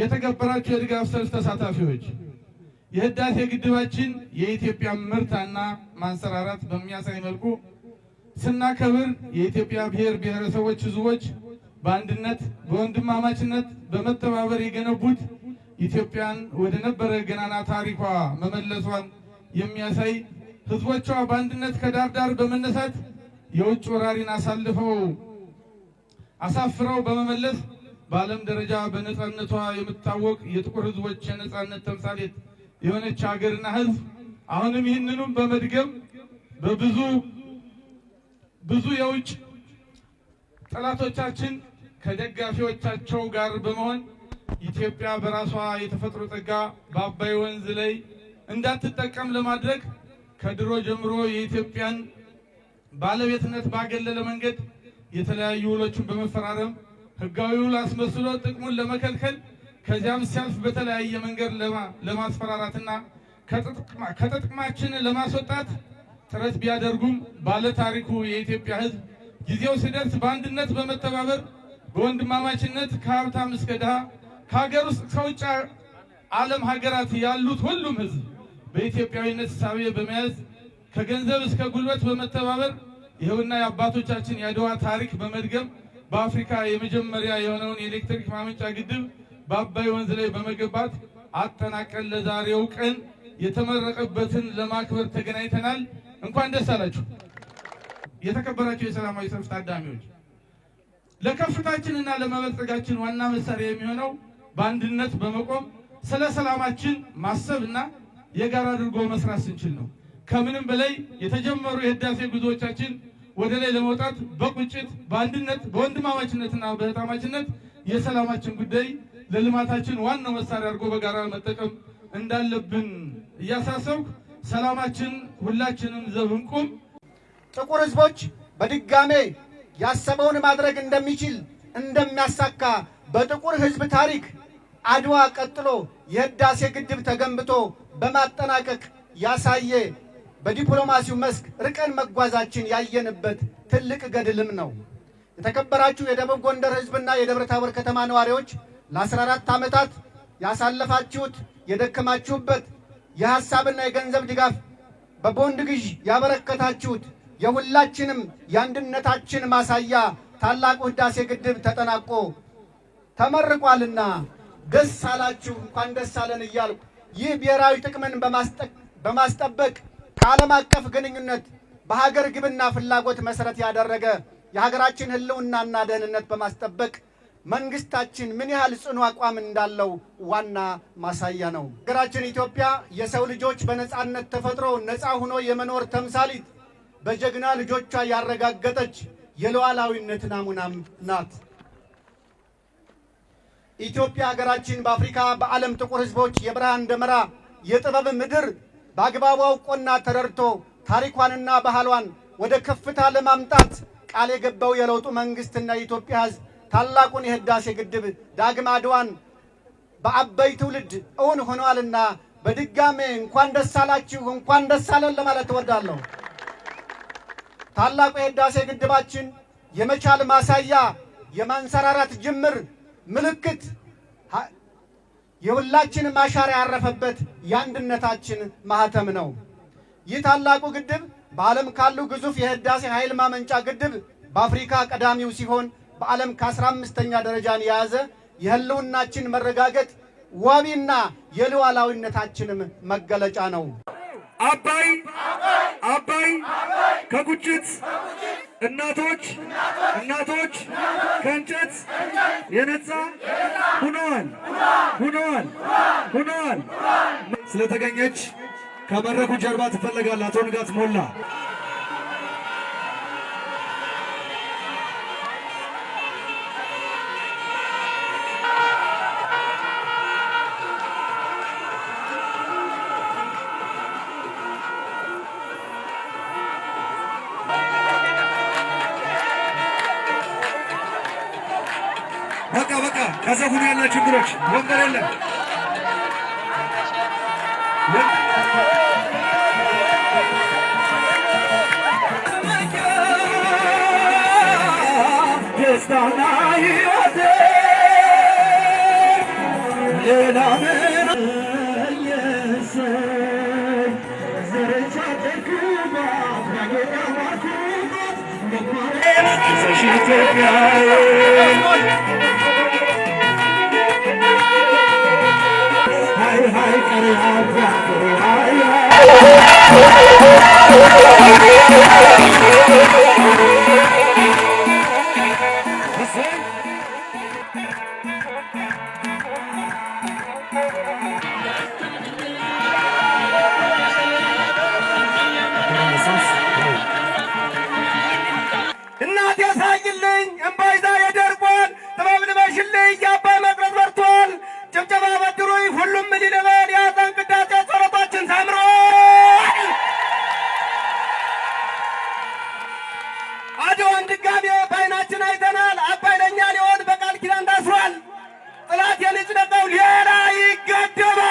የተከበራችሁ የድጋፍ ሰልፍ ተሳታፊዎች የህዳሴ ግድባችን የኢትዮጵያ ምርታና ማንሰራራት በሚያሳይ መልኩ ስናከብር የኢትዮጵያ ብሔር ብሔረሰቦች ህዝቦች በአንድነት በወንድማማችነት በመተባበር የገነቡት ኢትዮጵያን ወደ ነበረ ገናና ታሪኳ መመለሷን የሚያሳይ ህዝቦቿ በአንድነት ከዳር ዳር በመነሳት የውጭ ወራሪን አሳልፈው አሳፍረው በመመለስ በዓለም ደረጃ በነፃነቷ የምትታወቅ የጥቁር ህዝቦች የነጻነት ተምሳሌት የሆነች ሀገርና ህዝብ አሁንም ይህንኑም በመድገም በብዙ ብዙ የውጭ ጠላቶቻችን ከደጋፊዎቻቸው ጋር በመሆን ኢትዮጵያ በራሷ የተፈጥሮ ጸጋ በአባይ ወንዝ ላይ እንዳትጠቀም ለማድረግ ከድሮ ጀምሮ የኢትዮጵያን ባለቤትነት ባገለለ መንገድ የተለያዩ ውሎችን በመፈራረም ህጋዊውን አስመስሎ ጥቅሙን ለመከልከል ከዚያም ሲያልፍ በተለያየ መንገድ ለማስፈራራትና ከጥቅማችን ለማስወጣት ጥረት ቢያደርጉም ባለታሪኩ የኢትዮጵያ ህዝብ ጊዜው ሲደርስ በአንድነት በመተባበር በወንድማማችነት ከሀብታም እስከ ድሃ ከሀገር ውስጥ ከውጭ ዓለም ሀገራት ያሉት ሁሉም ህዝብ በኢትዮጵያዊነት ሳቤ በመያዝ ከገንዘብ እስከ ጉልበት በመተባበር ይኸውና የአባቶቻችን የአድዋ ታሪክ በመድገም በአፍሪካ የመጀመሪያ የሆነውን የኤሌክትሪክ ማመንጫ ግድብ በአባይ ወንዝ ላይ በመገንባት አጠናቀን ለዛሬው ቀን የተመረቀበትን ለማክበር ተገናኝተናል። እንኳን ደስ አላችሁ። የተከበራችሁ የሰላማዊ ሰልፍ ታዳሚዎች፣ ለከፍታችንና ለመበልጸጋችን ዋና መሳሪያ የሚሆነው በአንድነት በመቆም ስለ ሰላማችን ማሰብና የጋራ አድርጎ መስራት ስንችል ነው። ከምንም በላይ የተጀመሩ የህዳሴ ጉዞዎቻችን ወደ ላይ ለመውጣት በቁጭት በአንድነት በወንድማማችነትና በህጣማችነት የሰላማችን ጉዳይ ለልማታችን ዋናው መሳሪያ አድርጎ በጋራ መጠቀም እንዳለብን እያሳሰብኩ ሰላማችን ሁላችንም ዘብንቁም ጥቁር ህዝቦች በድጋሜ ያሰበውን ማድረግ እንደሚችል እንደሚያሳካ በጥቁር ህዝብ ታሪክ አድዋ ቀጥሎ የህዳሴ ግድብ ተገንብቶ በማጠናቀቅ ያሳየ በዲፕሎማሲው መስክ ርቀን መጓዛችን ያየንበት ትልቅ ገድልም ነው። የተከበራችሁ የደቡብ ጎንደር ህዝብና የደብረ ታቦር ከተማ ነዋሪዎች ለ14 ዓመታት ያሳለፋችሁት የደከማችሁበት የሐሳብና የገንዘብ ድጋፍ በቦንድ ግዥ ያበረከታችሁት የሁላችንም የአንድነታችን ማሳያ ታላቁ ህዳሴ ግድብ ተጠናቆ ተመርቋልና ደስ አላችሁ፣ እንኳን ደስ አለን እያልኩ ይህ ብሔራዊ ጥቅምን በማስጠበቅ ከዓለም አቀፍ ግንኙነት በሀገር ግብና ፍላጎት መሰረት ያደረገ የሀገራችን ህልውናና ደህንነት በማስጠበቅ መንግስታችን ምን ያህል ጽኑ አቋም እንዳለው ዋና ማሳያ ነው። ሀገራችን ኢትዮጵያ የሰው ልጆች በነፃነት ተፈጥሮ ነፃ ሆኖ የመኖር ተምሳሊት በጀግና ልጆቿ ያረጋገጠች የሉዓላዊነት ናሙናም ናት። ኢትዮጵያ ሀገራችን በአፍሪካ በዓለም ጥቁር ህዝቦች የብርሃን ደመራ የጥበብ ምድር በአግባቡ አውቆና ተረድቶ ታሪኳንና ባህሏን ወደ ከፍታ ለማምጣት ቃል የገባው የለውጡ መንግስትና የኢትዮጵያ ህዝብ ታላቁን የህዳሴ ግድብ ዳግም አድዋን በአበይ ትውልድ እውን ሆኗልና በድጋሜ እንኳን ደስ አላችሁ፣ እንኳን ደስ አለን ለማለት እወዳለሁ። ታላቁ የህዳሴ ግድባችን የመቻል ማሳያ፣ የማንሰራራት ጅምር ምልክት የሁላችን አሻራ ያረፈበት የአንድነታችን ማህተም ነው። ይህ ታላቁ ግድብ በዓለም ካሉ ግዙፍ የህዳሴ ኃይል ማመንጫ ግድብ በአፍሪካ ቀዳሚው ሲሆን በዓለም ከ15ኛ ደረጃን የያዘ የህልውናችን መረጋገጥ ዋቢና የሉዓላዊነታችንም መገለጫ ነው። አባይ አባይ ከጉጭት እናቶች እናቶች ከእንጨት የነጻ ሁነዋል ሁነዋል ሁነዋል። ስለተገኘች ከመድረኩ ጀርባ ትፈለጋል። አቶ ንጋት ሞላ ከሰሁን ያለ ችግሮች ወንበር የለም። হায় করে হায় করে হায় হায় ይህን ድጋሜ በዓይናችን አይተናል። አባይ ለእኛ ሊሆን በቃል ኪዳን ታስሯል። ጥላት የልጅ ነቀው ሌላ ይገደባል፣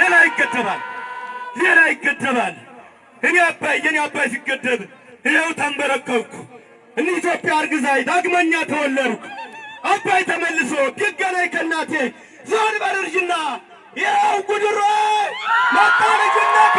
ሌላ ይገደባል፣ ሌላ ይገደባል። እኔ አባይ የኔ አባይ ሲገደብ ይኸው ተንበረከብኩ። እኔ ኢትዮጵያ አርግዛይ ዳግመኛ ተወለድኩ። አባይ ተመልሶ ቢገናኝ ከእናቴ ዞን ይኸው ጉድሮ መጣ ልጅነቴ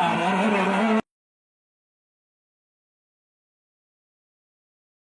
Arararara.